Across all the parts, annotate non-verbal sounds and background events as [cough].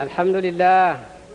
الحمد لله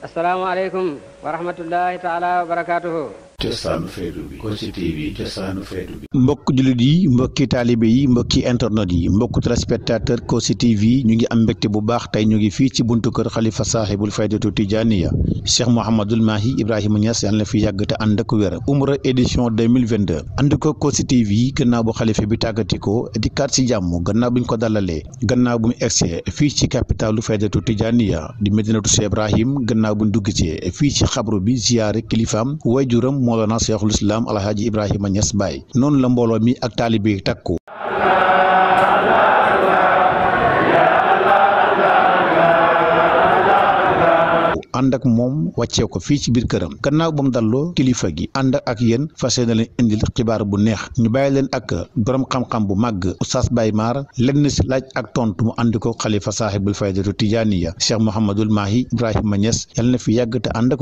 السلام عليكم ورحمة الله تعالى وبركاته cosaanu feetu bi Kossy TV cosaanu feetu bi mbokk jullit yi mbokki taalibe yi mbokki internet yi mbokk téléspectateur Kossy TV ñu ngi am mbégte bu baax tey ñu ngi fii ci buntu kër xalifa saaxibul faydatu tijaniya cheikh mouhamadul maahi ibrahima Niass yàlla na fi yàgg te ànd ak wér umra édition 2022 ànd ko Kossy TV gannaaw bu xalifa bi tàggatikoo di kaat si jàmm gannaaw bu ñu ko dalalee gannaaw bu mu fii ci capitalu faydatu tijaniya di medinatu cheikh ibrahim gannaaw bu ñu dugg ci fii ci xabru bi moolana cheikhul islam alhaaji ibrahima Niass bay non la mbolo mi ak talibi takku andak mom wacce ko fi ci bir këram gannaaw bam dallo kilifa gi ànd ak yeen fase len indi indil xibaar bu neex ñu bayal len ak borom xam-xam bu mag oustaz Baye Mar lenn laaj ak tontu mu àndi ko xalifa faydatu tijaniya cheikh mohammedul Mahi Ibrahim magnes yal fi yagg te ànd ak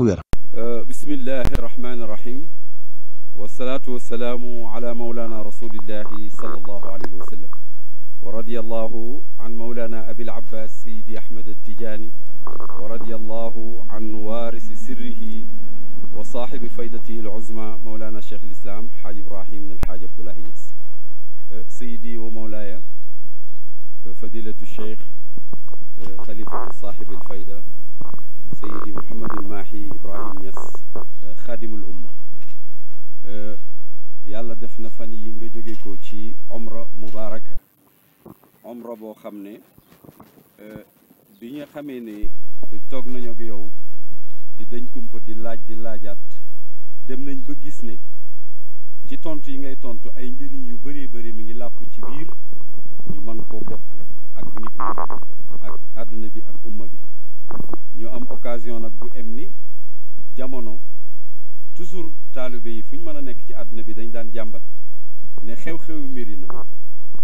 بسم الله الرحمن الرحيم والصلاة والسلام على مولانا رسول الله صلى الله عليه وسلم ورضي الله عن مولانا أبي العباس سيدي أحمد التجاني ورضي الله عن وارث سره وصاحب فائدته العظمى مولانا شيخ الإسلام حاج إبراهيم من الحاج عبد الله أه، سيدي ومولاي أه، فضيلة الشيخ xalifatu saaxibi alfayda sayidi mouhamadul maahi ibrahim Niass xaadimul umma yàlla def na fan yi nga jóge ko ci omra mubaaraka omra boo xam ne bi nga xamee ne toog nañu ak yow di dañ kumpa di laaj di laajaat dem nañ ba gis ne ci tont yi ngay tontu ay njëriñ yu bëree bëri mi ngi làpp ci biir ñu mën koo bokk ak nit ñi ak àdduna bi ak umma bi ñu am occasion nag bu em ni jamono toujours taalibe yi fu ñu mën a nekk ci àdduna bi dañ daan jàmbat ne xew-xewu na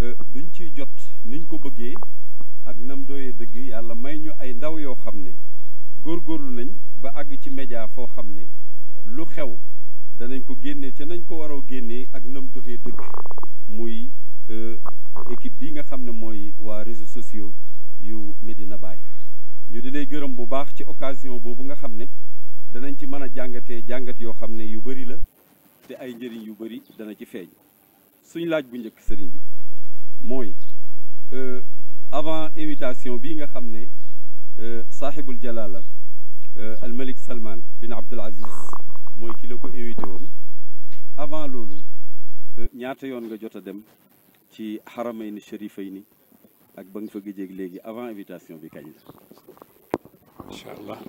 euh, duñ ciy jot niñ ko bëggee ak nam doyee dëgg yàlla may ñu ay ndaw yoo xam ne góor góorlu nañ ba àgg ci média foo xam ne lu xew danañ ko génnee ca nañ ko waroo génnee ak nam doyee dëgg muy Euh, équipe bi nga xam ne mooy waa réseaux sociaux yu Medina Baye ñu di lay gërëm bu baax ci occasion boobu nga xam ne danañ ci mën a jàngatee jàngat yoo xam ne yu bëri la te ay njëriñ yu bëri danañ ci feeñ suñ laaj bu njëkk sëriñ bi mooy euh, avant invitation bi nga xam ne euh, saaxibul jalaala al malik salman bin abdul aziz mooy ki ko invité woon avant loolu ñaata yoon nga jot a dem ci xaramayni sharifayni ak ba nga fa gëjee léegi avant invitation bi kañ la. incha allah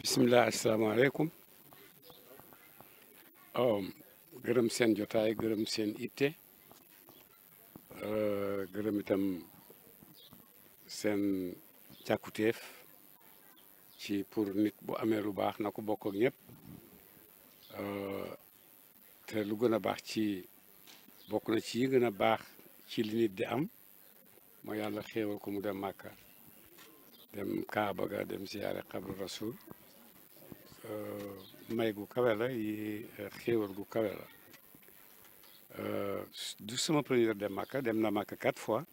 bisimilah asalaamaaleykum oh, gërëm seen jotaay gërëm seen itte euh, gërëm itam seen càkkutéef ci pour nit bu amee lu baax na ko bokk ak ñëpp euh, te lu gën a baax ci. bokna ci yi gëna bax ci li nit di am mo yàlla xéewal ko mu dem màkka dem kaaba ga dem siyaare qabr rasul euh may gu kawe la yi xéewal gu kawe la du sama premier dem màkka dem na màkka 4 fois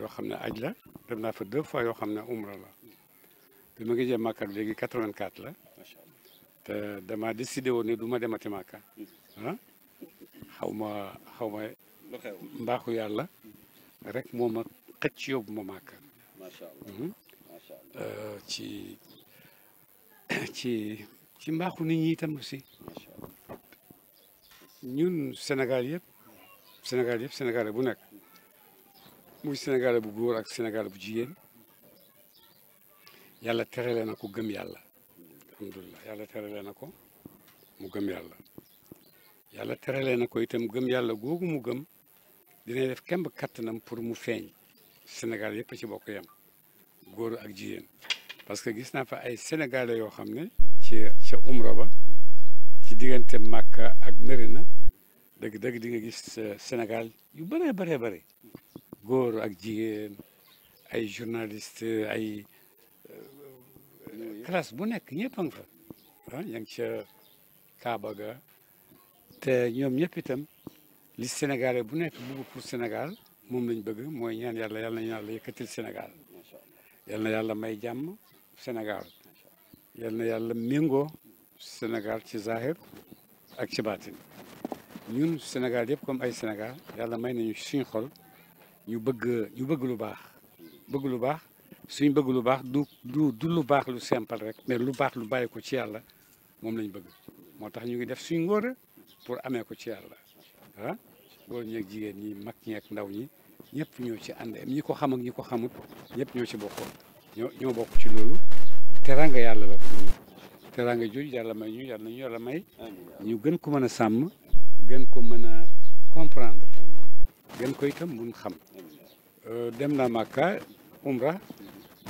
yo xamné ne aj la dem na fa 2 fois yo xamné umra la bi ma ngi jëm màkka légui 84 quatre quatre-vingt-quatre la te dama décidé woné duma du màkka ah xaw xawma mbaaxu yàlla rek moo ma xëcc yóbbu ma màkk hmm? euh, ci ci ci mbaaxu nit ñi itam aussi ñun Sénégal yëpp Sénégal yëpp Sénégalais bu nekk muy Sénégalais bu góor ak Sénégalais bu jigéen yàlla terale na ko gëm yàlla yàlla terale na ko mu gëm yàlla yàlla teralee na ko itam gëm yàlla googu mu gëm dina def kemb kattanam pour mu feeñ senegal yëpp ci bokk yam góor ak jigéen parce que gis naa fa ay sénégalais yoo xam ne ci ca ba ci diggante Makka ak Mérina dëgg-dëgg di nga gis euh, senegal yu bëree bëree bëri góor ak jigéen ay journaliste ay euh, classe bu nekk ñëpp a fa ah yaa ngi ca Kaaba ga te ñoom ñëpp itam li Sénégalais bu nekk bëgg pour Sénégal moom lañ bëgg mooy ñaan yàlla yàlla nañu yàlla yëkkatil Sénégal yal na yàlla may jàmm Sénégal yal yàlla méngoo Sénégal ci zahir ak ci baatin ñun Sénégal yëpp comme ay Sénégal yàlla may nañu suñu xol ñu bëgg ñu bëgg lu baax bëgg lu baax suñ bëgg lu baax du du du lu baax lu simple rek mais lu baax lu bàyyi ko ci yàlla moom lañ bëgg moo tax ñu ngi def suñ ngóora pour amee ko ci yàlla ah góor ñeeg jigéen ñi mag ñeek ndaw ñi ñëpp ñoo ci ànd ñi ko xam ñi ko xamut ñëpp ñoo ci bokkoon ñoo ñoo bokk ci loolu teranga yàlla la pour ñu teranga jooju yàlla may ñu yàlla nañu yàlla may ñu gën ko mën a sàmm gën ko mën a comprendre gën ko itam mun xam euh, dem naa Màkka Umra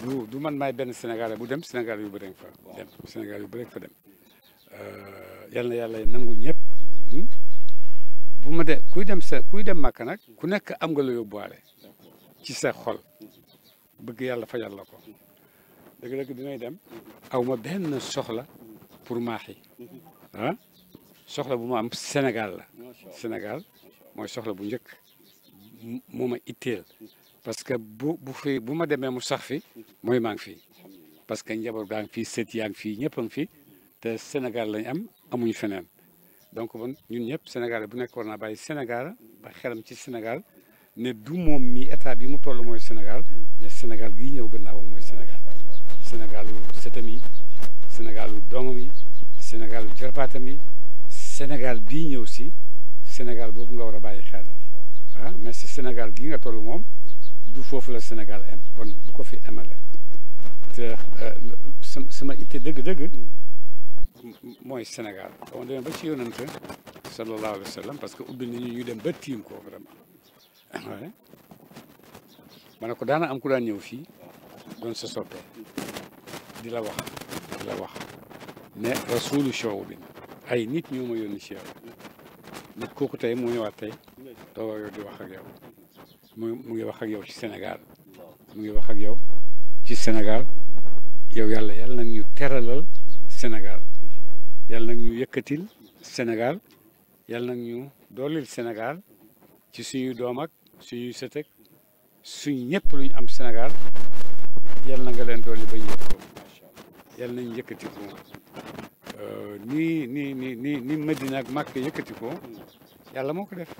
du man maay benn Sénégalais bu dem Sénégal yu bëri fa dem Sénégal yu bëri fa dem euh, yal na yàlla nangul ñëpp buma de kuy dem sa kuy dem makka nak ku nek am nga la boale ci sa xol bëgg yalla fajal la ko deug dëgg dem aw ben soxla pour maaxi ah soxla bu ma am Sénégal la Sénégal moy soxla bu ñëk moma ma parce que bu bu fi bu ma mu sax fi moy ma ngi fi parce que njaboot gang fi set yang fi ngi fi ngi te Sénégal lañ am amuñu fenen donc man ñun ñëpp Sénégal bu nekk war naa bàyyi Sénégal ba xelam ci Sénégal ne du moom mii état bi mu toll mooy Sénégal ne Sénégal gii ñëw gannaawam mooy Sénégal Sénégalu sëtam yi Sénégalu doomam yi sénégal jarbaatam yi Sénégal bii ñëw si Sénégal boobu nga war a bàyyi xel ah, mais si Sénégal gii nga toll moom du foofu la Sénégal am kon bu ko fi amale te euh, sama dëgg-dëgg mm. mooy Sénégal dama demee ba ci yonante sallallahu alayhi wa sallam parce que ubbi ni ñuy dem ba tiim koo vraiment ma ne ko daana am ku daan ñëw fii doon sa di la wax di la wax ne rasulu show bi ay nit ñoo ma ci yow nit kooku tey mu ñëwaat tey doo yow di wax ak mu mu ngi wax ak yow ci Sénégal mu ngi wax ak yow ci Sénégal yow yàlla yàlla nag ñu teralal Sénégal yàlla nag ñu yëkkatil Sénégal yàlla nag ñu doolil Sénégal ci suñu doomak ak suñuy sët suñ ñëpp luñ am Sénégal yàlla na leen dooli ba ñu yëg ko yàlla nañ nii ni ni ni ni Medina ak Màkka yëkkati ko yàlla moo ko def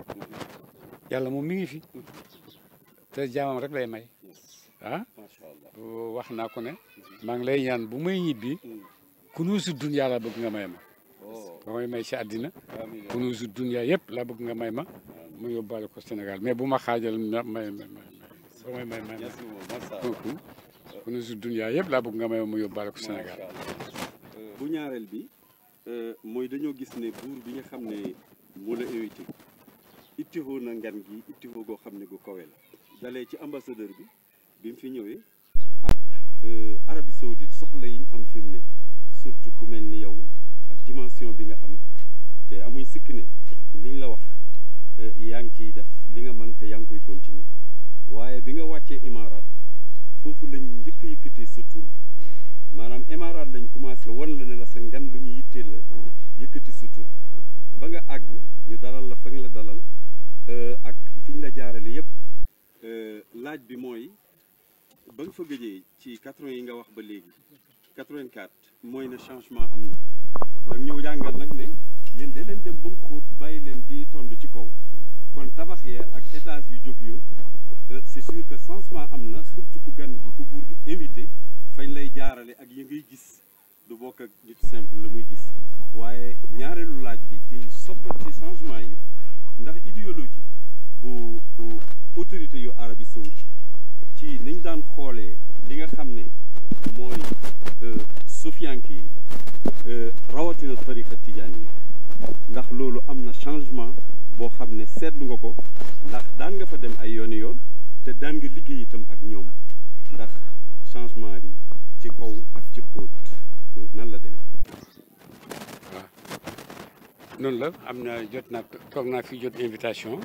yàlla moom mi ngi fi te jaamam rek lay may ah wax naa ko ne maa ngi lay ñaan bu may ñibbi kunuusu dun yàlla bëgg nga may ba may may si àddina bu nu su dunya yëpp laa bëgg nga may ma ma yóbbaale ko Sénégal mais bu ma xaajal may may may ba may may may bu nu su dunya yëpp laa bëgg nga may ma ma yóbbaale ko Sénégal euh, bu ñaareel bi euh, mooy dañoo gis ne buur bi nga xam ne moo na ngan gi goo xam ne gu la ci ambassadeur bi bi fi ñëwee ak euh, soxla yi am fi mu surtout ku mel ni yow dimension bi nga am te amuñ sikk liñ la wax eh, yaa ngi ciy def li nga mën te yaa ngi koy continuer waaye bi nga wàccee imaaraat foofu lañ njëkk a yëkkatee maanaam imaaraat lañ commencé wan la la sa lu ñu yitteel la yëkkati sa ba nga àgg ñu dalal la fa la dalal eh, ak fiñ la jaarale yépp eh, laaj bi mooy ba nga fa gëjee ci 80 yi nga wax ba léegi 84 mooy na changement am na da ñëw jàngal nag ne yéen da leen dem ba mu xóot bàyyi leen di tond ci kaw kon tabax ya ak étage yu jóg yo euh, c'est sûr que changement am na surtout ku gan gi ku buur di invité fañ lay jaarale ak yi gis du bokk ak nit simple la muy gis waaye ñaareelu laaj bi ci soppati changement yi ndax idéologie bu autorité yu Arabie saoudite ci niñ daan xoolee li nga xam ne mooy euh, sufiyank yi euh, rawatina tariqa tijaan yi ndax loolu am na changement boo xam ne seetlu nga ko ndax daan nga fa dem ay yooni yoon te daan nga liggéey itam ak ñoom ndax changement bi ci kaw ak ci kuut euh, nan la demee. waaw noonu la am na jot naa toog naa fi jot invitation.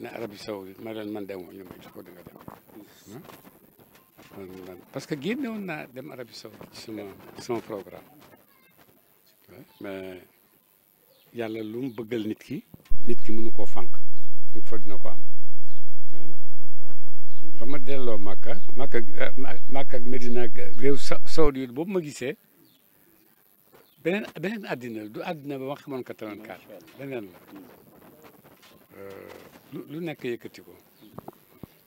ne Arabie Saoudite ma leen man demoo ñu ma ko di nga hmm? parce que génne naa dem Arabie Saoudite ci sama programme mais yàlla lu mu bëggal nit ki nit ki mënu koo fànq il faut dina ko am delloo Makka Makka euh, Makka ak Medina réew Saoudi yu boobu ma gisee beneen beneen àddina la du àddina ba ma xamoon 84 beneen la euh, lu nekk yëkkati ko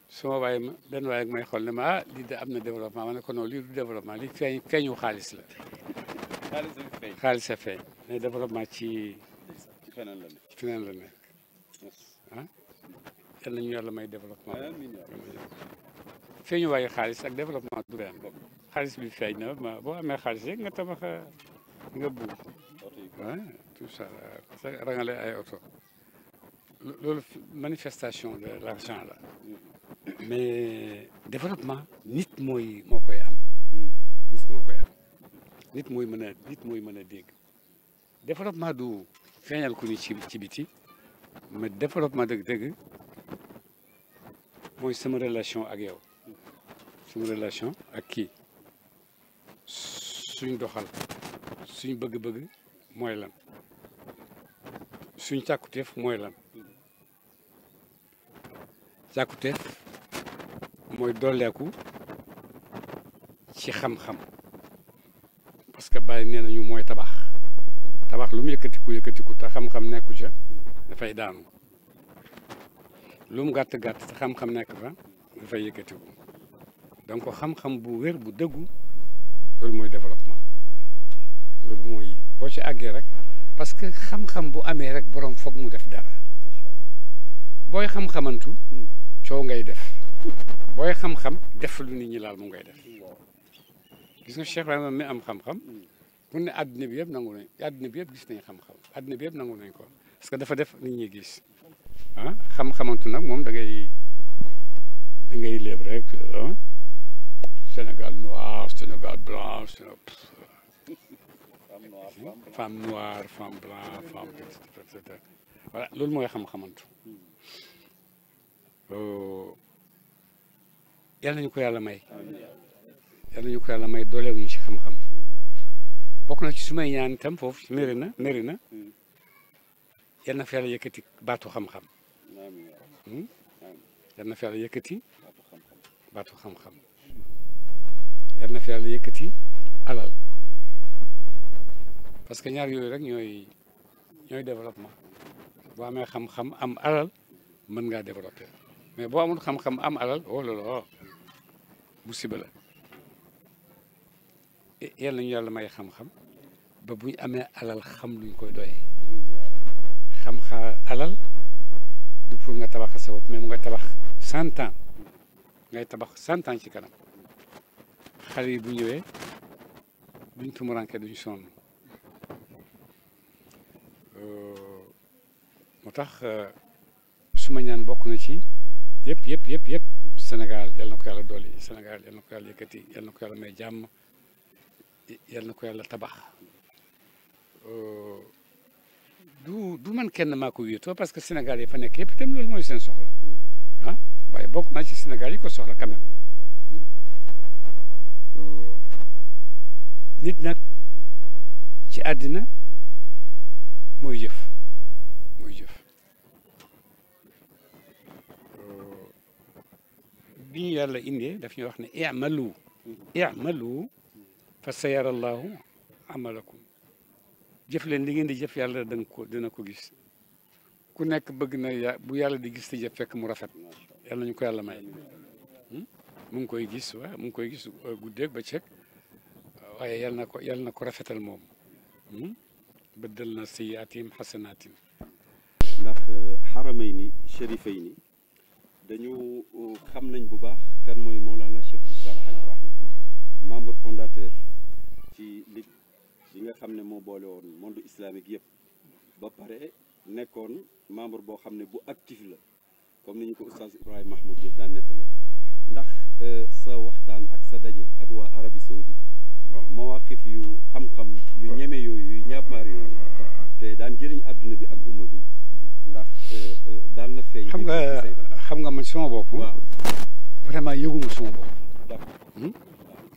su ma waaye benn waaye may xool ne ma ah lii de am na développement ma ne ko non lii du développement lii feeñ feeñu xaalis la. xaalis a feeñ xaalis a feeñ mais développement ci. ci feneen la nekk ci feneen la nekk ah yal nañu yàlla may développement. feeñu waayu xaalis ak développement du benn xaalis bi feeñ na ma boo amee xaalis rek nga tabax nga buub ah tout ça rangale ay oto. le manifestation de l'argent là mais développement nit moy moo am nit moo koy am nit moy meuna nit moy meuna deg développement du feeñal ku ni ci ci biti mais développement dëgg-dëgg moy sama relation ak yow sama relation ak ki suñ doxal suñ bëgg-bëgg moy lan suñ càkkuteef moy lan càkkute mooy dolleeku ci xam-xam parce que bàyyi nee nañu mooy tabax tabax lu mu yëkkatiku yëkkatiku te xam-xam nekku ca dafay daanu lu mu gàtt gàtt te xam-xam nekk fa dafay yëkkatiku donc xam-xam bu wér bu dëggu loolu mooy développement loolu mooy boo ci àggee rek parce que xam-xam bu amee rek borom foog mu def dara booy xam-xamantu coow ngay def booy xam-xam def lu nit ñi laal moom ngay def gis nga Cheikh Ibrahima mi am xam-xam mun ne àdduna bi yëpp nangu nañ àdduna bi yëpp gis nañ xam-xam àdduna bi yëpp nañ ko parce que dafa def nit ñi gis ah nag moom da ngay da ngay rek ah. Sénégal noir Sénégal blanc femme noire femme blanc femme et loolu mooy xam-xamantu yal nañu ko yàlla may yal nañu ko yàlla may doolewuñu ci xam-xam bokk na ci su may ñaan itam foofu mari na mari na yal na fa hmm? yàlla yëkkati baatu xam-xam yal na fa yàlla yëkkati alal parce que ñaar yooyu rek ñooy ñooy développement boo amee xam-xam am alal mën ngaa développé mais bo amul xam-xam am alal oh la la musiba la yàlla ñu yalla may xam-xam ba buñ amé alal xam luñ koy doyee xam-xam alal du pour nga tabax sa bopp mais mu nga tabax 100 ans ngay tabax 100 ans ci kanam xale yi bu ñëwee duñ tumuranke duñ son euh motax euh, su ma ñaan bokku na ci yëpp yëpp yëpp yëpp Sénégal yal na ko yàlla dolli Sénégal yal na ko yàlla may jàmm yal na ko yàlla tabax euh, du du man kenn maa ko wéetoo parce que Sénégal yi fa nekk yëpp itam loolu mooy seen soxla ah waaye bokk naa ci Sénégal yi ko soxla quand hmm. euh, nit nag ci àddina mooy jëf mooy jëf bi ñu yàlla indee daf ñuy wax ne i'malu i'malu fa sayara allahu amalakum jëf leen li ngeen di jëf yàlla dan ko dina ko gis ku nekk bëgg na bu yàlla di gis te jëf fekk mu rafet yàlla ñu ko yàlla may hmm? mu ngi koy gis waaw mu ngi koy gis euh, guddeeg ba cek waaye yàlla na ko yàlla na ko rafetal moom hmm? bëddal na sayyiaatihim xasanaatin ndax euh, xaramay dañu euh, xam nañ bu baax kan mooy Mawlana Cheikhul Islam Al Ibrahim membre fondateur ci ligue nga xam ne moo boole woon monde islamique yëpp ba pare nekkoon membre boo xam ne bu actif la comme ni ñu ko oustaz Ibrahima Mahmoud Diop daan nettale ndax euh, sa waxtaan ak sa daje ak waa Arabie Saoudite mawaqif yu xam-xam yu ñeme yooyu yu ñaamaar yooyu te daan jëriñ àdduna bi ak umma bi ndax euh, daan na feeñ xam nga खामगा मोनसे समावबावो ओमफ्राय मा योगु मुसुमावबावो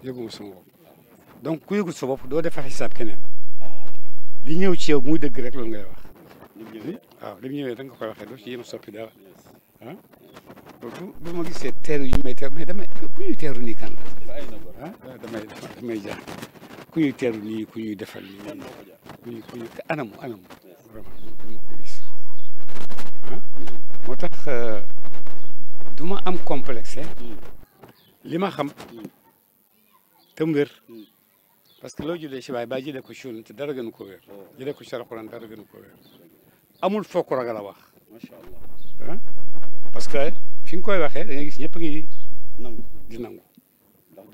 योगु मुसुमावबावो donc kuyogu sobof do defa hisab kenen li ñew ci yow muy deug rek lool ngay wax waaw li ñewé da nga koy waxé do ci yëm soppi dara hein donc bu ma gisee teeru yu may teeru mais damay ku ñuy teeru nii kan la damay damay jaax ku ñuy teeru nii ku ñuy defal nii ku ñuy ku ñuy anamu anamu vraiment dama ko gis du ma am complexe li ma xam te parce que loo jëlee si baay baay jëlee ko suuna te dara gënu ko wér jëlee ko si alxuraan dara gënu ko wér amul foo ko wax macha allah ah? parce que fi nga koy waxee da nga gis ñëpp ngi nangu di nangu ndax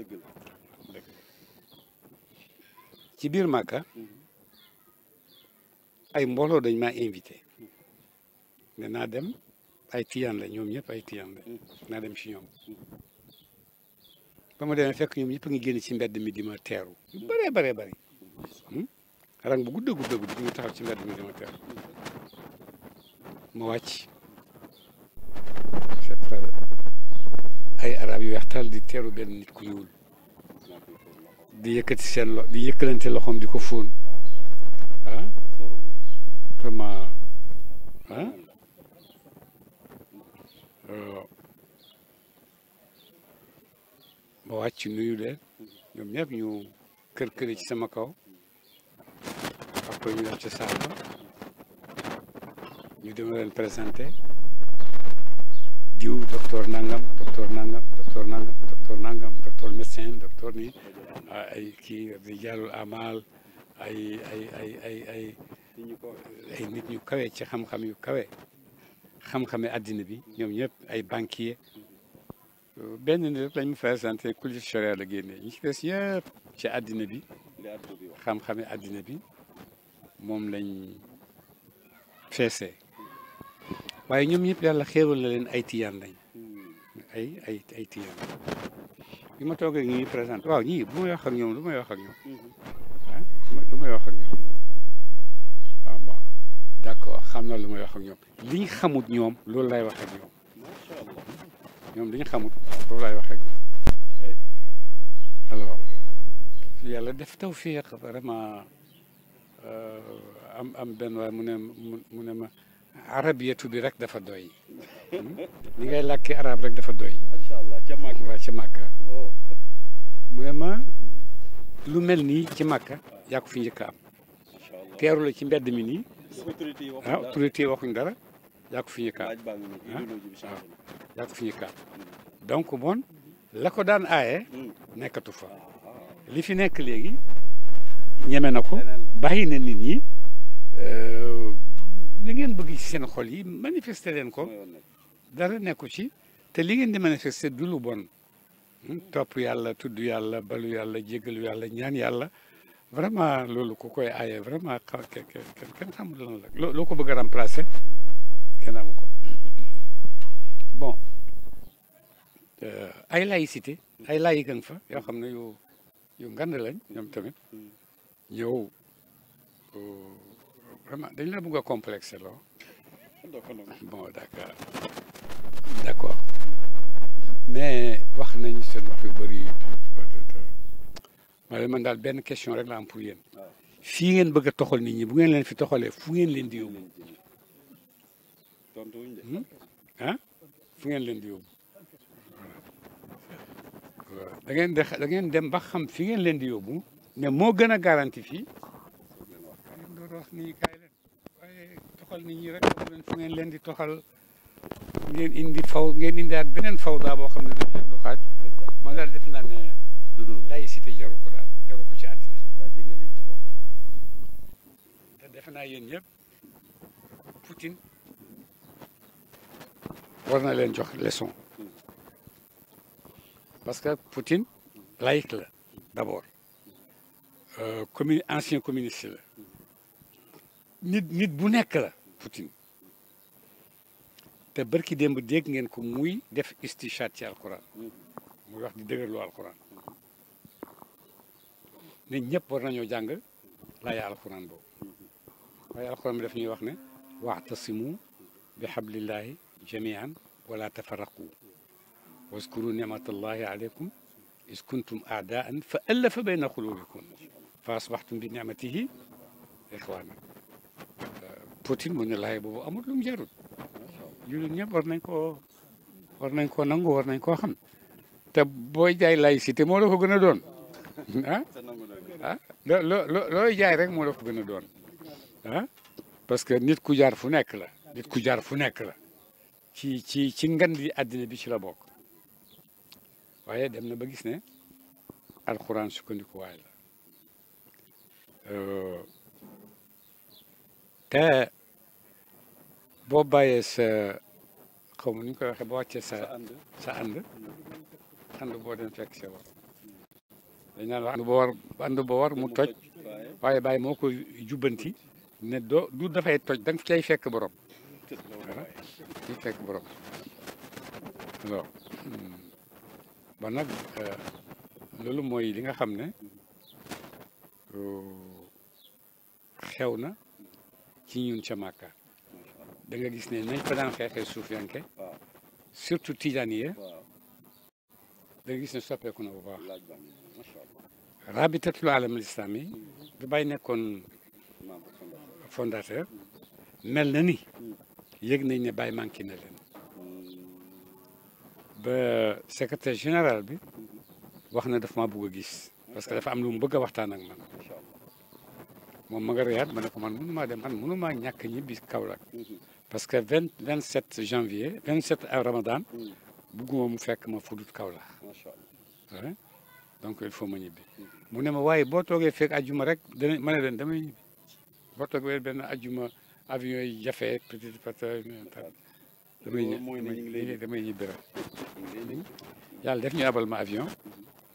ci biir Màkka mm-hmm. ay mbooloo dañ ma invité ne naa dem ay tiyaan la ñoom ñëpp ay tiyaan la mm. naa dem ci ñoom ba ma demee fekk ñoom ñëpp a ngi génn ci mbedd mi di ma teeru bëree bëree bëri hmm? rang bu gudd a gudd a gudd taxaw ci mbedd mi di ma teeru ma wàcc ay arab yu weex tal di teeru benn nit ku ñuul di yëkkati seen lo di yëkkalante loxoom di ko fóon ah ci nuyu leen ñoom ñëpp ñu kër këri ci sama kaw après ñu dem ci salle ba ñu dem leen présenté diw docteur nangam docteur nangam docteur nangam docteur nangam docteur médecin docteur nii ay kii di jàllul amal ay ay ay ay ay ay nit ñu kawe ci xam-xam yu kawe xam-xame àddina bi ñoom ñëpp ay banquier benn ni rek lañ mu présenté culture solaire la génnee ñi ci des yëpp ci àddina bi xam-xame àddina bi moom lañ feesee waaye ñoom ñëpp yàlla xéewal la leen ay tiyaan lañ ay ay ay tiyaan bi ma toogee ñi présenté waaw ñii bu may wax ak ñoom lu may wax ak ñoom ah lu may wax ak ñoom waaw ah, bon d'accord xam na lu may wax ak ñoom liñ xamut ñoom loolu laay wax ak ñoom ñom dañu xamul loolu lay wax rek alors yàlla def tawfiq vraiment euh am am ben way mune mune ma arabiyatu bi rek dafa doy ni ngay làkki arab rek dafa doy inshallah ci màkka wa ci mu mune ma lu melni ci màkka ya ko fi ñëk am téru la ci mbedd mi nii ah autorité waxu dara ya ko fi ñëk am waaw yaa fi yëkkaat donc bon la ko daan aaye nekkatu fa li fi nekk léegi ñeme na ko bàyyi na nit ñi euh, li ngeen bëgg ci seen xol yi manifester leen ko dara nekku ci te li ngeen di manifester du lu bon hmm, topp yàlla tudd yàlla balu yàlla jégalu yàlla ñaan yàlla vraiment loolu ku koy aaye vraiment kenn xamul lan loo ko bëgg a remplacer kenn amul Euh, ay laïcité ay laïcan fa yoo xam ne yu yu ngand lañ ñoom tamit ñëw euh, vraiment dañ la bëgg a complexé loo bon d'accord d'accord mais wax nañ seen wax yu bëri ma ne man daal benn question rek la am pour yéen fii ngeen bëgg a toxal nit ñi bu ngeen leen fi toxalee fu ngeen leen di yóbbu hmm? fu ngeen leen di yóbbu da ngeen de dem ba xam fi ngeen leen di yóbbu ne moo gën a garanti fii doon wax nii toxal nit ñi rek leen fu ngeen leen di toxal ngeen indi faw ngeen indiaat beneen faw daa boo xam ne du jeex xaaj man daal def naa ne laïcité jaru ko daal jaru ko ci àddina defe naa yéen ñëpp Poutine war na leen jox leçon Parce que Poutine, laïque là, d'abord. Euh, ancien communiste là. nit nit bu nekk la Poutine te barki démb dégg ngeen ko muy def istichat ci alquran muy wax di dëgërloo alquran ne ñëpp war nañoo jàng laaya alquran boobu waaye alquran bi daf wax ne waxtasimu bi xablillahi jamian wala tafaraqu واذكروا نعمة الله عليكم إذ كنتم أعداء فألف بين قلوبكم فأصبحتم بنعمته إخوانا بوتين من الله يبوبو أمر لهم جارود يولي ورنينكو ورنينكو نانغو ورنينكو خم تب بوي جاي لاي سيتي مولو كو دون ها ها لا لا لا لا جاي رك مولو كو دون ها باسكو نيت كو جار فو نيك لا نيت كو جار فو نيك لا كي كي كي نغاندي ادنا بي سي لا بوك waaye dem na ba gis ne alxuraan sukkandikuwaay la te boo bàyyee sa xaw ma nu ñu koy waxee boo wàccee sa sa ànd ànd boo dem fekk sa war dañ naan wax ànd boo war ànd boo war mu toj waaye bàyyi moo ko jubbanti ne doo du dafay toj da nga cay fekk borom waaw fekk borom alors ba nag loolu mooy li nga xam ne xew na ci ñun ca Màkka da nga gis ne nañ fa daan xeexee suufiyanke surtout tijaaniya da nga gis ne soppeeku na bu baax rabitatul alam islam yi bi bàyyi nekkoon fondateur mel na ni yëg nañ ne bàyyi manqué na leen secretaire général bi wax na daf ma bëgg a gis parce que dafa am lu mu bëgg a waxtaan ak man moom ma nga reyaat ma ne ko man mënu maa dem man mënu maa ñàkk ñibbi Kaolack parce que vingt vingt sept janvier vingt sept ramadan bëgguma mu fekk ma fudut Kaolack donc il faut ma ñibbi mu ne ma waaye boo toogee fekk ajjuma rek dana ma ne leen damay ñibbi boo toogee benn ajjuma avion yi jafe peut-être damay ñë damay ñibbi rek yàlla def ñu abal ma avion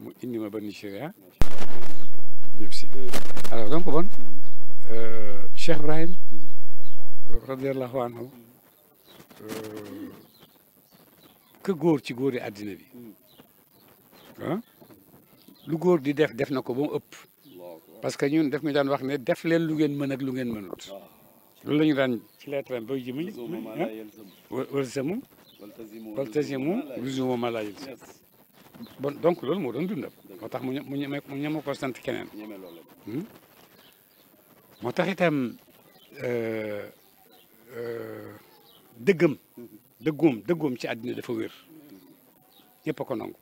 mu indi ma ba Nigéria ñëpp si alors donc bon Cheikh Ibrahim radiallahu anhu que góor ci góor yi àddina bi ah lu góor di def def na ko ba mu ëpp parce que ñun def ñu daan wax ne def leen lu ngeen mën ak lu ngeen mënut loolu la ñu daan ci lettre am bay ji muy ah? waltazimu waltazimu luzuma ma laa yalzam bon donc loolu moo doon dundam moo tax mu ñeme mu ñeme ko sant keneen hmm? moo tax itam euh, euh, dëggam dëggoom dëggoom ci àddina dafa wér ñëpp ko nangu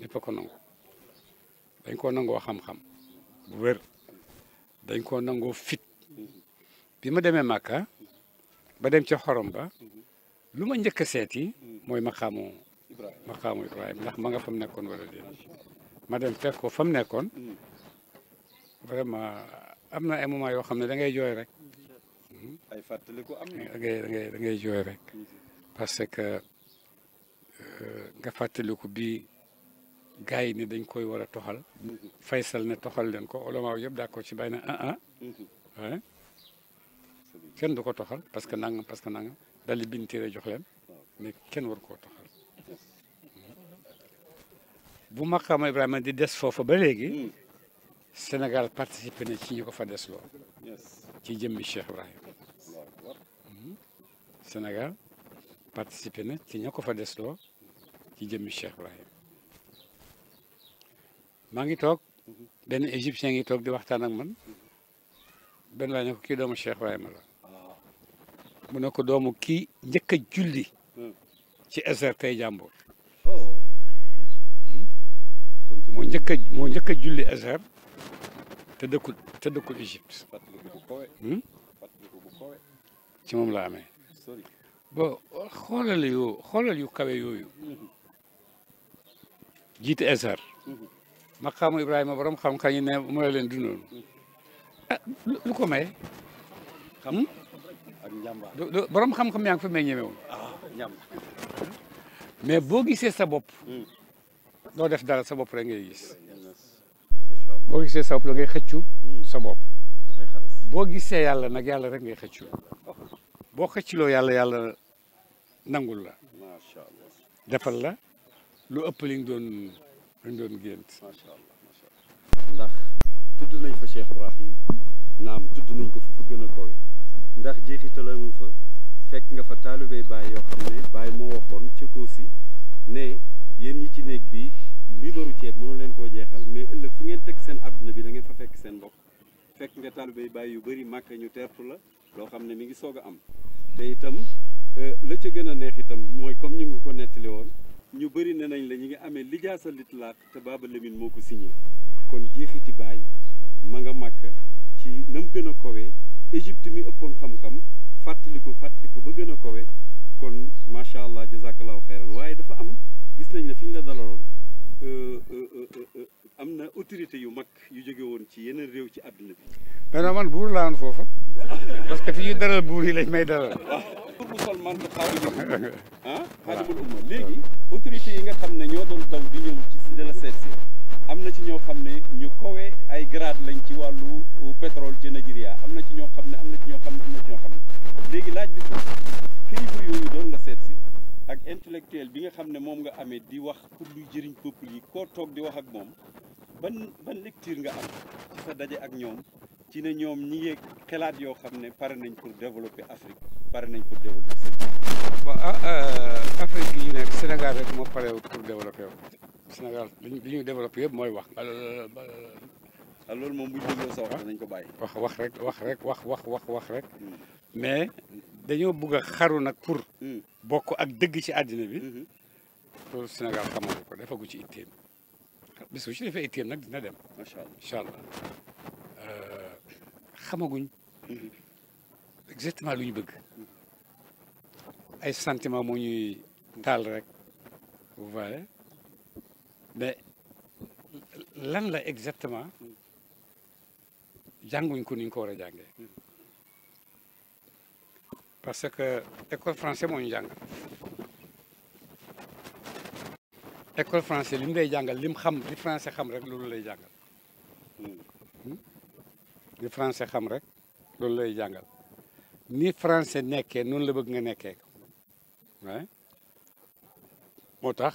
ñëpp ko nangu dañ koo nangoo xam-xam bu wér dañ koo nangoo fit bi ma demee Màkka ba dem ca xorom ba lu ma njëkk seeti mooy maqaamu maqaamu Ibrahima ndax ma nga fa mu nekkoon wala déet ma dem fekk ko fa mu nekkoon vraiment am na ay moment yoo xam ne da ngay jooy rek ay fàttaliku am na da ngay da ngay da jooy rek parce que euh, nga fàttaliku bi gars yi ni dañ koy war a toxal mm-hmm. faysal ne toxal leen ko olomaa yëpp d'accord ci bàyyi na ah ah mm-hmm. Ken du ko toxal parce que nangam parce que nangam dali bin bind jox len mais ken war ko toxal bu makam Ibrahima di dess fofu ba léegi hmm. senegal participer na ci ñuko fa dess lo ci jëmmi Cheikh ibrahim hmm. senegal participer na ci ñuko fa dess lo ci jëmmi Cheikh ibrahim ma ngi tok hmm. ben égyptien ngi tok di waxtan ak man ben la ko Cheikh ibrahim la mu ne ko doomu kii njëkk a julli hmm. ci SRT jàmbur oh. hmm. moo njëkk a njëkk a julli SR te dëkkul te dëkkul Égypte hmm? ci moom la amee xoolal yoo xoolal yu kawe yooyu jiite SR maqaamu Ibrahima borom xam-xam yi ne mu la leen dundoon ah eh, lu ko may xam ak njàmbaar borom xam-xam yaa ngi fa may ñemewul mais ah, bo gisé sa bop hmm. do def dara sa bop rek ngay gis bo gisé sa bop da ngay xëccu hmm. sa bop bo gisé yalla nak yalla rek ngay xëccu bo xëccilo yalla yalla nangul la defal la lu ëpp li ngi doon li ngi doon gënt allah ndax tuddu nañ fa Cheikh Ibrahim naam tuddu nañ ko fu gën kowe ndax jeexitalam fa fekk nga fa taalibey baay yoo xam ne baay moo waxoon ca kaw si ne yéen ñi ci néeg bi liibaru ceeb mënu leen koo jeexal mais ëllëg fu ngeen teg seen àdduna bi da ngeen fa fekk seen bopp fekk nga taalibey baay yu bëri màkk ñu teertu la loo xam ne mi ngi soog a am te itam e, la ca gën a neex itam mooy comme ñu ngi ko nettali woon ñu bëri ne nañ la ñu ngi amee lijaasa litlaaq te Baaba Lamine moo ko signé kon jeexiti baay ma nga màkk ci nam gën a kowee Égypte mi ëppoon xam-xam fàttaliku fàttaliku ba gën a kowe kon macha allah jazakallahu xeyran waaye dafa am gis nañ ne fi ñu la dalaloon am na autorité yu mag yu jóge woon ci yeneen réew ci àdduna bi. mais non man buur laa woon foofa parce que fi ñu dalal buur yi lañ may dalal. buur bu sol man xaadimul umma léegi autorité yi nga xam ne ñoo doon daw di ñëw ci si la seet si am na ci ñoo xam ne ñu kowee ay grade lañ ci wàllu euh, pétrole ci Nigeria am na ci ñoo xam ne am na ci ñoo xam ne am na ci ñoo xam ne léegi laaj bi foofu kilifa yooyu doon la seet si ak intellectuel bi nga xam ne moom nga amee di wax pour luy jëriñ peuple yi koo toog di wax ak moom ban ban lecture nga am ci sa daje ak ñoom ci ne ñoom ñi ngi xelaat yoo xam ne pare nañ pour développer Afrique pare nañ pour développer Sénégal. waaw ah, euh, Afrique yi nekk Sénégal rek moo parewut pour développer wu. Sénégal li ñu développé yëpp mooy wax. loolu moom bu ñu sa wax nañ ko bàyyi. wax wax rek wax rek wax wax wax wax rek. mais dañoo bëgg a xaru nag pour. bokk ak dëgg ci àddina bi. pour Sénégal xamal ko defagu ci itteem bis bu ci defee itteem nag dina dem. macha allah incha allah xamaguñ. exactement lu ñu bëgg. ay sentiment moo ñuy taal rek vous voyez. mais lan la exactement jànguñ ko ni ko war a jàngee parce que école français moo ñu jàngal école français li mu lay jàngal lim xam li français xam rek loolu lay jàngal hmm? li français xam rek loolu lay jàngal ni français nekkee noonu la bëgg nga nekkee moo tax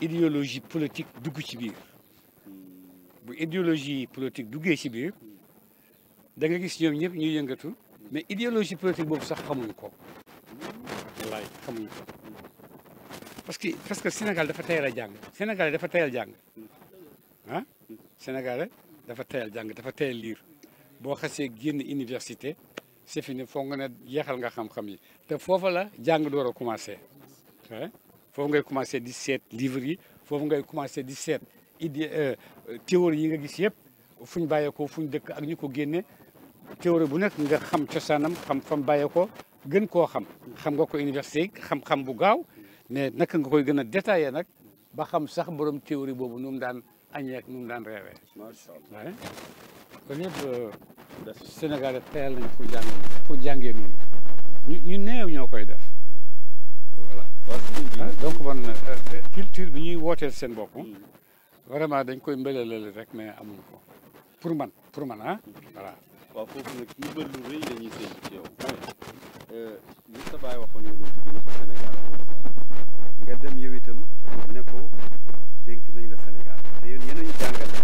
idéologie politique dugg ci biir idéologie politique du ci biir da nga gis ñoom ñëpp ñuy yëngatu mais idéologie politique boobu sax comme ko wallaay xamuñu ko parce que parce que Sénégal dafa tayal a jàng Sénégal dafa tayal jàng ah hein? Sénégal dafa tayal jàng dafa tayal Lire, boo xasee génn université c'est fini foog nga ne yeexal nga xam-xam yi te foofa la jàng door a commencé hein? foofu ngay commencé di seet livres yi foofu ngay commencé di seet idée euh, théorie yi nga gis yëpp fu ñu bàyyeekoo fu ñu dëkk ak ñu ko génne théorie bu nekk nga xam cosaanam xam fam bàyyeekoo gën koo xam xam nga ko université xam-xam bu gaaw mais naka nga koy gën a détaillé nag ba xam sax borom théorie boobu nu daan añee ak daan reewee macha allah kon yëpp euh, Sénégal tayal nañ fu jàngee fu jàngee noonu ñu néew ñoo koy def donc man culture bi ñuy wooteel seen bopp vraiment dañ koy mbëlelali rek mais amuñu ko pour man pour man ah voilà. waaw foofu nag ñu bëri lu rëy la ñuy séntu ci yow. li sa baay waxoon yow ci biir Sénégal nga dem yow itam ne ko dénk nañ la Sénégal te yéen yéen a ñu jàngale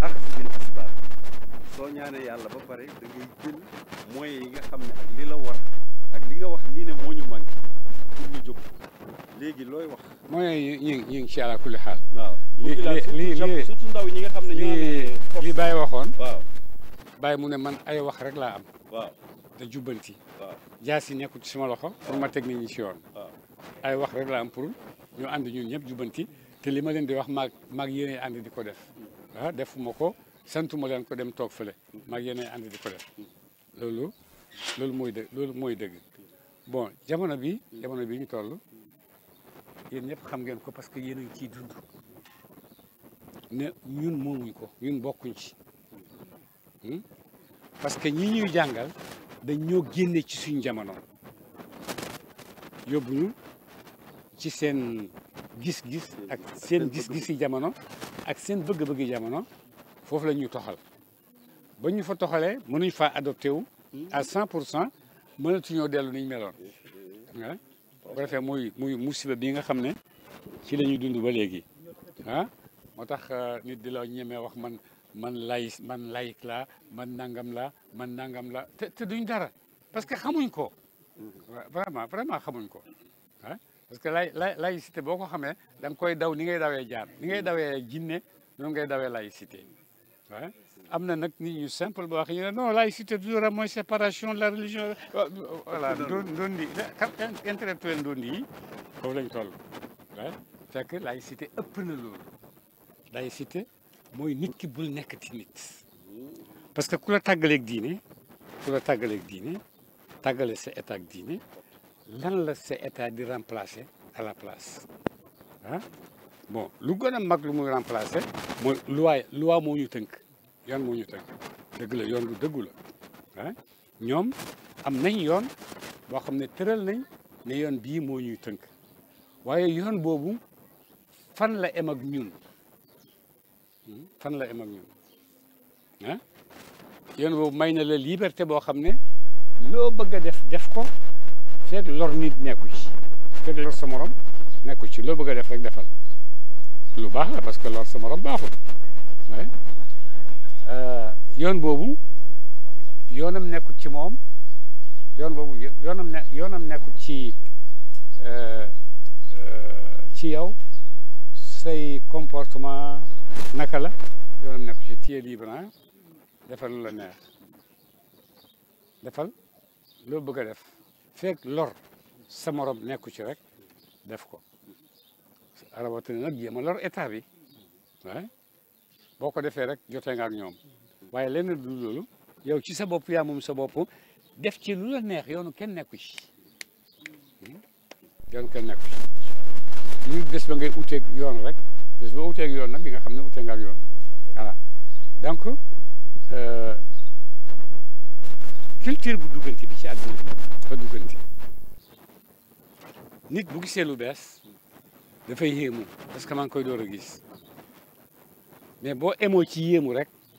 ak bil asbaab soo ñaanee yàlla ba pare da ngay jël moyens yi nga xam ak li léegi looy wax. mooy ñu ngi ñu ngi ci àlla xaal. waaw li li ndaw ñi nga xam ne ñu ngi li waxoon. waaw Baye mu ne man ay wax rek laa am. waaw te jubbanti. waaw jaas yi ci sama loxo. pour ma teg nit ñi si yoon. ay wax rek laa am pour ñu ànd ñun ñëpp jubbanti te li ma leen di wax maag maag yéenay ànd di ko def. Mm. ah defuma ko santuma leen ko dem toog fële maag yéenay ànd di ko def mm. loolu loolu mooy dëgg loolu mooy dëgg bon jamono bi jamono bi ñu toll. yéen ñëpp xam ngeen ko parce que yéen a ngi ciy dund ne ñun moomuñ ko ñun bokkuñ ci hmm? parce que ñi ñuy jàngal dañ ñoo génne ci suñ jamono yóbbuñu ci seen gis-gis ak seen gis-gis yi jamono ak seen bëgg-bëgg jamono foofu la ñuy toxal ba ñu fa toxalee mënuñ faa adopté wu à 100 pour cent mënatuñoo dellu niñ meloon bu ko muy muy musiba bi nga xam ne ci la ñuy dund ba léegi ah moo tax euh, nit di la ñemee wax man man lay man layik la man nangam la man nangam la te te duñ dara parce que xamuñ ko vraiment vraiment xamuñ ko ah parce que lay lay laïcité boo ko xamee da koy daw ni ngay dawee jaar ni ngay dawee jinne noonu ngay dawee laïcité waaw ah, amna nak nit ñu simple boo wax ñu non laïcité toujours am mooy séparation de la religion euh, voilà ndondi intellectuel ndondi yi foofu lañ toll waaw hein. fekk laïcité ëpp na lool laïcité moy nit ki bul nekk ci nit parce que ku la tàggaleeg diine ku la tàggaleeg diine tàggale sa état ak diine lan la sa état di remplacer à la place hein bon lu gëna mag lu muy remplacer moy loi loi mo ñu teunk yoon moo ñu teg dëgg la yoon lu dëggu la ah ñoom am nañ yoon boo xam ne tëral nañ ne yoon bii moo ñuy tënk waaye yoon boobu fan la em ak ñun fan la em ak ñun ah yoon boobu may na la liberté boo xam ne loo bëgg a def def ko feeg lor nit nekku ci feeg lor sa morom nekku ci loo bëgg a def rek defal lu baax la parce que lor sa morom baaxul waaye yoon boobu yoonam nekkut ci moom yoon boobu yoonam ne yoonam nekkut ci euh, euh, ci yow say comportement naka la yoonam nekku ci tu es libre hein defal lu la neex defal loo bëgg a def fekk lor sa morom nekku ci rek def ko rawatina nag jéem a lor état bi boo ko defee rek jotee nga ak ñoom waaye lene du loolu yow ci sa bopp yaa moom sa bopp def ci lu la neex yoonu kenn nekku ci yoonu kenn nekku ci ñu bés ba ngay uteeg yoon rek bés ba uteeg yoon nag di nga xam ne nga ak yoon voilà donc culture bu duggante bi ci àdduna bi fa duggante nit bu gisee lu bees dafay yéemu parce que maa koy door gis mais boo émoo ci yéemu rek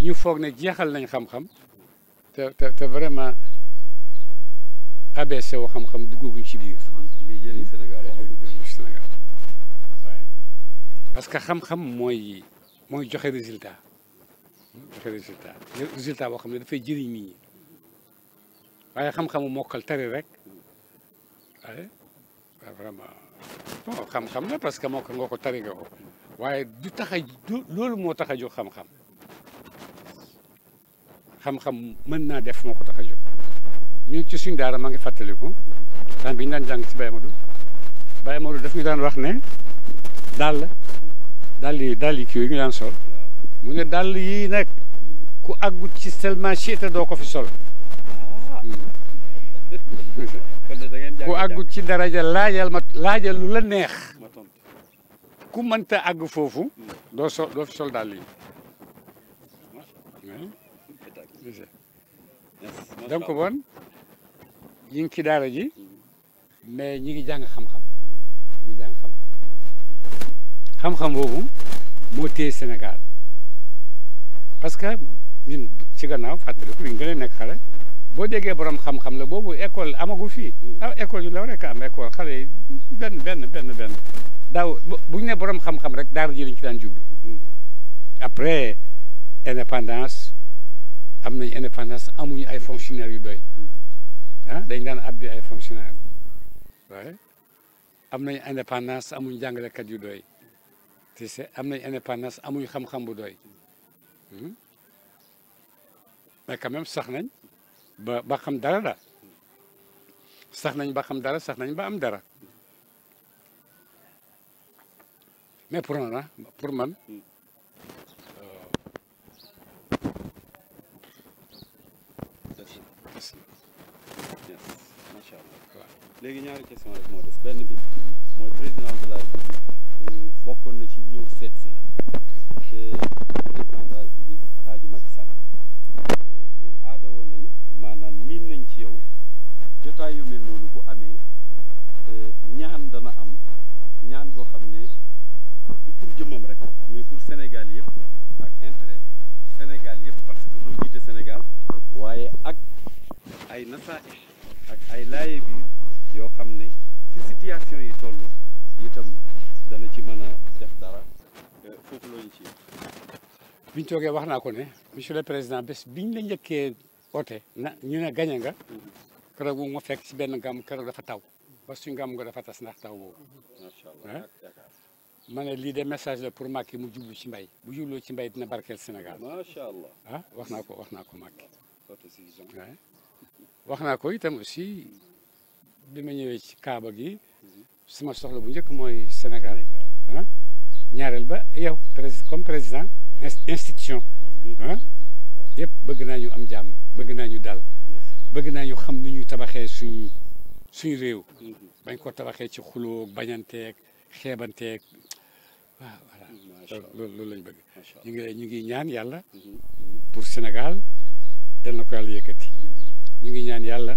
ñu foog ne jeexal nañ xam-xam te te te vraiment ABC wu xam-xam duggaguñ ci biir. lii jëriñ parce que xam-xam mooy mooy joxe résultat joxe résultat boo xam ne dafay jëriñ nit waaye xam-xamu mokkal tari rek waaye vraiment bon parce que mokkal nga ko tari nga waaye du tax a loolu moo tax a jóg xam-xam. xam-xam mën naa def moo ko tax a jóg ñun ci suñ daara maa ngi fàttaliku temps bi ñu daan jàng ci Baye Madou Baye Madou daf ñu daan wax ne dàll dàll yi dàll yi kii yi ñu daan sol mu ne dàll yii nag ku àggut ci seulement chiite doo ko fi sol ah. [laughs] ku àggut ci daraja laajal ma laajal lu la neex ku mënta àgg foofu doo sol doo fi sol dàll yi donc bon ñi ngi ci daara ji mm-hmm. mais ñi ngi jàng xam-xam mm-hmm. ñi ngi jàng xam-xam xam-xam boobu moo téye Sénégal parce que ñun ci gannaaw fàttali ko bi nga xale boo déggee borom xam-xam la boobu école amagu fi mm-hmm. ah école yu ndaw rek am école xale yi benn benn benn benn daaw bu ñu ne borom xam-xam rek daara ji lañ ci daan jublu après indépendance am nañ indépendance amuñu ay fonctionnaires yu doy ah dañ daan abbi ay fonctionnaires waaye am nañ indépendance amuñu jàngalekat yu doy te c'est am nañ indépendance amuñ xam-xam bu doy hmm? mais quand même sax nañ ba ba xam dara la sax nañ ba xam dara sax nañ ba am dara mais pour man ah, pour man léegi ñaari question rek moo des benn bi mooy président de la euh, bokkoon na ci ñëw seet si te président de la république Alaaji Macky Sall ñun aadawoo nañ maanaam miin nañ ci yow jotaay yu mel noonu bu amee euh, ñaan dana am ñaan boo xam ne du pour jëmmam rek mais pour Sénégal yëpp ak intérêt Sénégal yëpp parce que moo jiite Sénégal waaye ak ay nasaax ak ay laaye biir yoo xam ne ci situation yi toll itam dana ci mën a def dara euh, foofu looñu biñ toogee wax naa ko ne monsieur le président bés biñ la njëkkee oote na ñu ne gañe nga keroog mu ma fekk ci benn gàmm keroog dafa taw ba suñ gàmm nga dafa tas ndax taw boobu ma ne lii de message la pour Macky mu jublu ci mbay bu jubloo ci mbay dina barkeel Sénégal macha allah wax naa ko wax naa ko Macky wax naa ko itam aussi bi ma ñëwee ci Kaaba gi sama soxla bu njëkk mooy Sénégal ah ñaareel ba yow prési comme président institution ah yëpp bëgg naa ñu am jàmm bëgg naa ñu daal bëgg naa ñu xam nu ñuy tabaxee suñu suñu réew. bañ koo tabaxee ci xuloo bañanteeg xeebanteeg waaw voilà loolu loolu lañ bëgg. ñu ngi ñaan yàlla pour Sénégal yal na ko yàlla ñu ngi ñaan yàlla.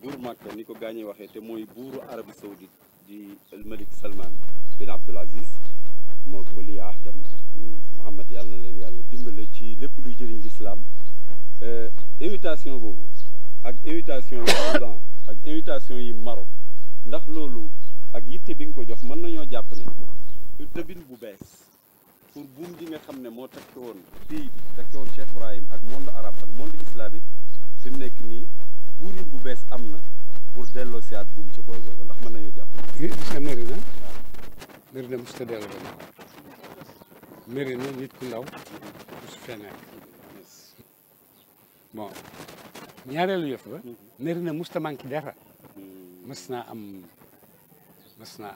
buur Makka ni ko gaañee waxee te mooy buuru Arabie Saoudite di al malik Salman bin Abdul Aziz moo ko lii ahdam Muhammad yàlla na leen yàlla dimbale ci lépp luy jëriñ lislaam invitation boobu ak invitation yi Soudan ak invitation yi Maroc ndax loolu ak yitte bi nga ko jox mën nañoo jàpp ne dëbin bu bees pour buum ji nga xam ne moo takke woon pays bi takke woon Cheikh Ibrahim ak monde arabe ak monde islamique fi mu nekk nii buurin bu bees am na pour delloo si at buum ci booy boobu ndax mën nañu jàpp. gis nga mairie na mairie na mosut a delloo ba naa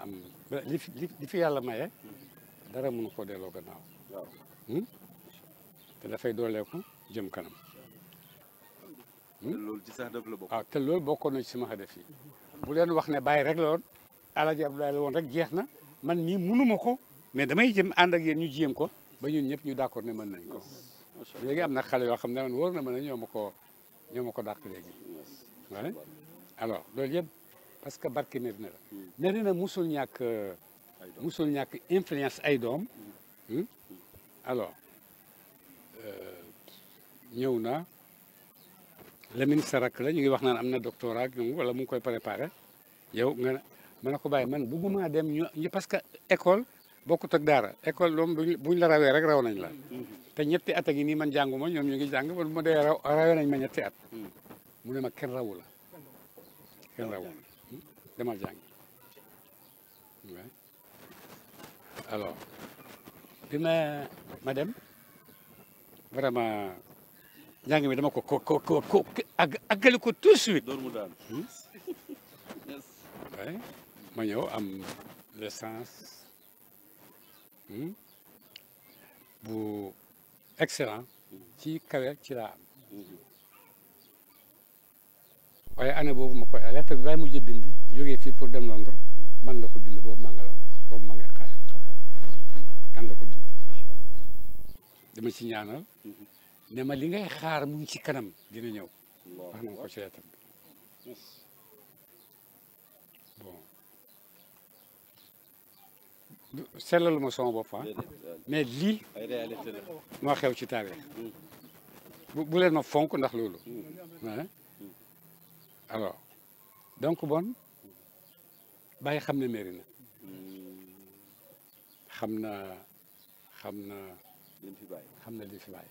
am yàlla maye dara mënu koo delloo waaw hmm? te dafay dooleeku jëm kanam. Hmm? loolu ci sax def la ah, te loolu bokkoon na ci sama xadaf yi bu leen wax ne bàyyi rek la woon El Hadj Abdoulaye la woon rek jeex na man mii mënuma ko mais damay jëm ànd ak yéen ñu jéem ko ba ñun ñëpp ñu d'accord ne mën nañ ko. léegi am na xale yoo xam ne man wóor na mën ne ñoo ma ko ñoo ma ko dàq léegi. voilà alors loolu yëpp parce que barke Medina la. Hmm. Medina musul ñàkk euh, musul ñàkk influence ay doom. Hmm. alors euh, ñëw na. le ministre rak la ñu ngi wax naan amna na doctorat wala mu ngi koy préparer yow nga mën a ko baye man buguma dem ñu parce que école bokkut ak dara école loom buñ la rawé rek raw nañ la té ñetti at a ni man janguma ñom ñu ngi jang bu ma dé raw nañ ma ñetti at mu ne ma kenn rawu la kenn rawu dama jang alors bima madame vraiment njàng dama ko ko ko ko ko àggale ko tout de suite. oui ma am licence hmm, bu excellent ci kawe ci laa am. waaye année boobu ma koy lettre bi bàyyi mujj bind jógee pour dem Londres man la ko bind boobu maa ci ñaanal. Mm-hmm. ne li ngay xaar mu ngi ci kanam dina ñëw wax na ko ci lettre bi ah. mais lii moo xew ci taarix mm. bu bu leen ma fonk ndax loolu mm. Ah. Mm. alors donc bon bàyyi xam ne mairie na xam na xam na xam na li fi bàyyi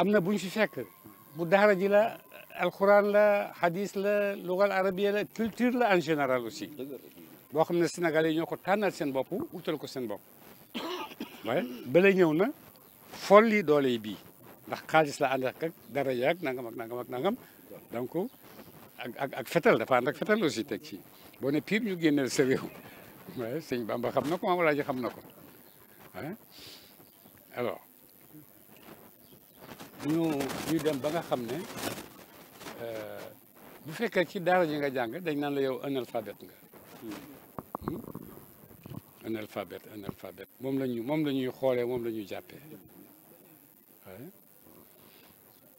أمنا بنش شكل بالدهرة دي لا القرآن لا حديث لا اللغة العربية لا كولتور لا أن جنرال aussi boo xam ne Sénégal yi ñoo ko tànnal seen bopp wutal ko seen bopp waaye bële ñëw na folli doole yi bii ndax xaalis la ànd ak ak dara yaag nangam ak nangam ak nangam donc ak ak ak fetal dafa ànd ak fetal aussi teg ci boo ne piir ñu génneel sa réew waaye sëñ Bamba xam na ko Maam Alaaji xam na ko alors ñu ñu dem ba nga xam ne euh, bu fekkee ci daara ji nga jàng dañ naan la yow analphabète nga hmm? analphabète analphabète moom la moom la ñuy xoolee moom la ñuy jàppee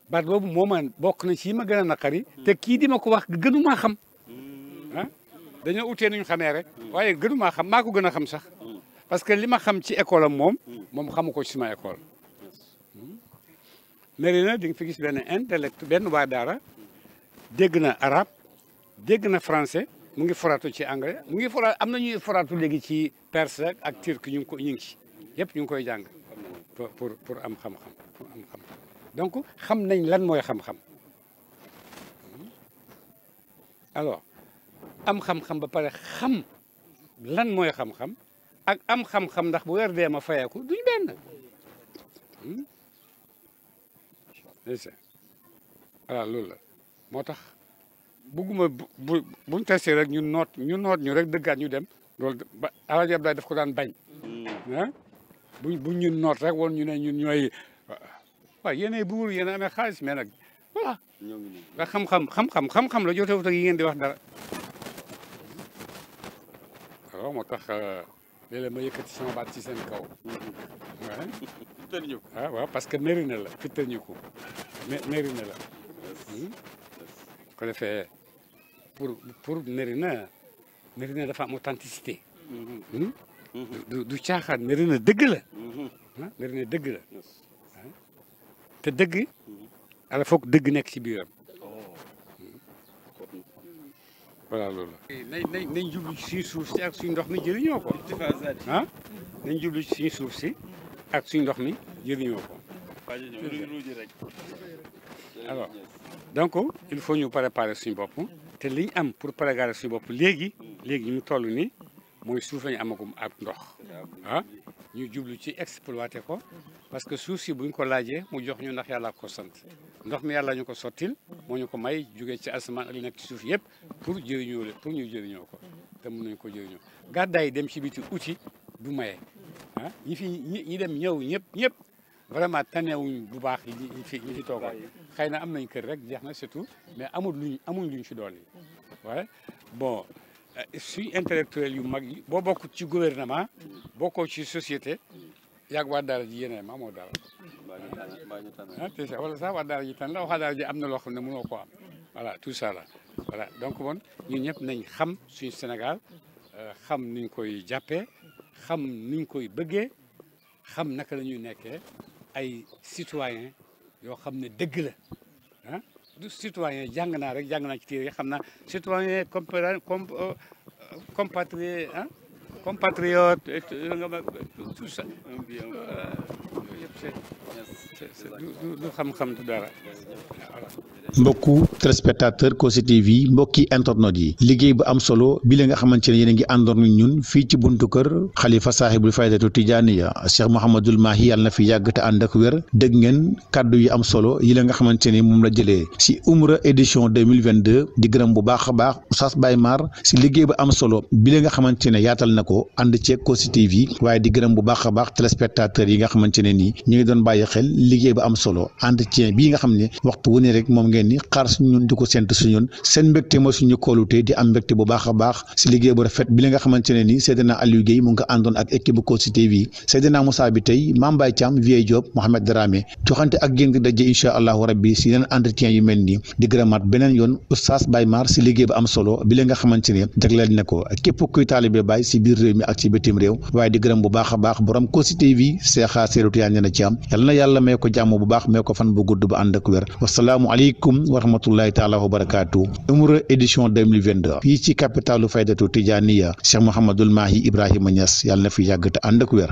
baat boobu mooma bokk na ci ma gën a naqari te kii di ma ko wax gënumaa xam ah dañoo utee nuñ xamee rek waaye gënumaa xam maa ko gën a xam sax hmm. parce que li ma xam ci école am moom hmm. moom xamu ko ci sama Médina di nga fi gis benn intellect benn waa daara dégg na arabe dégg na français mu ngi foratu ci anglais mu ngi fora am na ñuy foratu léegi ci perse ak turc ñu ngi ko ñu ngi ci yëpp ñu ngi koy jàng pour am xam-xam donc xam nañ lan mooy xam-xam alors am xam-xam ba pare xam lan mooy xam-xam ak am xam-xam ndax bu weer dee ma fayeeku duñ benn hmm? lycée voilà loolu la moo tax bugguma bu bu buñ testé rek ñu noot ñu noot ñu rek dëggaat ñu dem loolu ba Alaaji Abdoulaye daf ko daan bañ. ah buñ ñu noot rek woon ñu ne ñun ñooy wa yéenay buur yene amee xaalis mais nag voilà. nga xam-xam xam-xam xam-xam la jotewut ak yi ngeen di wax dara. moo tax. Euh, léeg-léeg ma yëkkati sama ci seen kaw. [laughs] Ah, parce que nari na la fittal ñu ko nari la. Hmm? ko defee pour pour nari dafa am authenticité. Mm-hmm. Hmm? Mm-hmm. du du caaxaan na dëgg la. nari mm-hmm. ah, na dëgg ah. ala foog dëgg nekk ci biiram. voilà loolu nañ jublu ci suñu suuf si ak suñu ndox mi jëriñoo ko ah nañ jublu ci suñu suuf si ak suñ ndox mi jëriñoo ko alors donc il faut ñu préparer suñ bopp te liñ am pour préparer suñu bopp léegi léegi ñu toll ni mooy suuf lañu amagum ak ndox ah ñu jublu ci exploiter ko parce que suuf si buñ ko laajee mu jox ñu ndax yàlla ko sant ndox mi yàlla ñu ko sottil moo ñu ko may ci ak li ci pour le pour ñu jëriñoo ko te nañu ko jëriñoo dem ci biti uti du maye ah, ñi fi ñi dem ñëw ñëpp ñëpp vraiment tanewuñ bu baax ñi fi ñi fi toogoon am nañ kër rek na mais amul luñ amuñ luñ ci bon euh, intellectuel yu mag ci gouvernement bokkoo ci société ah c'est ça wala sax ji tan la wax daara ji am na loo xam ne mënoo ko am voilà tout ça là voilà donc bon ñun ñëpp nañ xam suñu Sénégal euh, xam nuñ koy jàppee xam nuñ koy bëggee xam naka la ñuy nekkee ay citoyen yoo xam ne dëgg la jàng naa rek jàng naa ci téere yi xam naa citoyen compara euh, euh, compatriote ah compatriote tout ça du xam-xam du dara. mbokku téléspectateur Kossy TV mbokki internet yi liggéey bu am solo bi la nga xamante ne yéen a ngi àndoon ñun fii ci buntu kër xalifa saahibul faydatu tijaaniya Cheikh Mouhamadul Mahi yàlla na fi yàgg te ànd ak wér dëgg ngeen kàddu yi am solo yi nga xamante ne moom la jëlee si umra édition 2022 di gërëm bu baax a baax sas Baye maar si liggéey bu am solo bi nga xamante ne yaatal na ko ànd ceeg Kossy TV waaye di gërëm bu baax a baax yi nga xamante ne nii ni ñu ngi doon bàyyi xel liggéey ba am solo entretien bii nga xam ne waxtu wu ne rek moom ngeen ni xaar suñu ñun di ko séntu suñu ñun seen mbégte moo suñu kóolute di am mbégte bu baax a baax si liggéey ba am solo bi li nga xamante ne jagleel na ko képp kuy taalibe Baye si biir réew mi ak ci bitim réew waaye di gërëm bu baax a baax borom Kossy TV Cheikha Seydou Tiane dana am yal yàlla may ko jàmm bu baax may ko fan bu gudd ba ànd ak wér wasalaamu aleykum wa rahmatullahi taala wa barakaatu umra édition 2022 fii ci capitalu faydatu tijaaniya Cheikh Mouhamadoul Mahi Ibrahima Niass yàlla na fi yàgg te ànd ak wér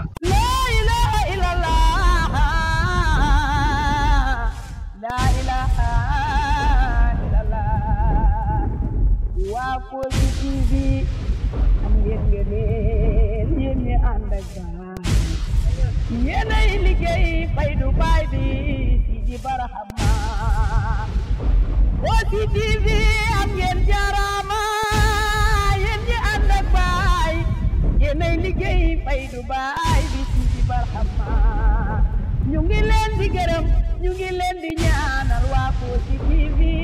liggéey Faydu baay bi Sidi Barhama Kossy TV am ngeen jaaraama yéen ñi ànd ak baay yéenay liggéey Faydu baay bi Sidi Barhama ñu ngi leen di gërëm ñu leen di ñaanal waa Kossy TV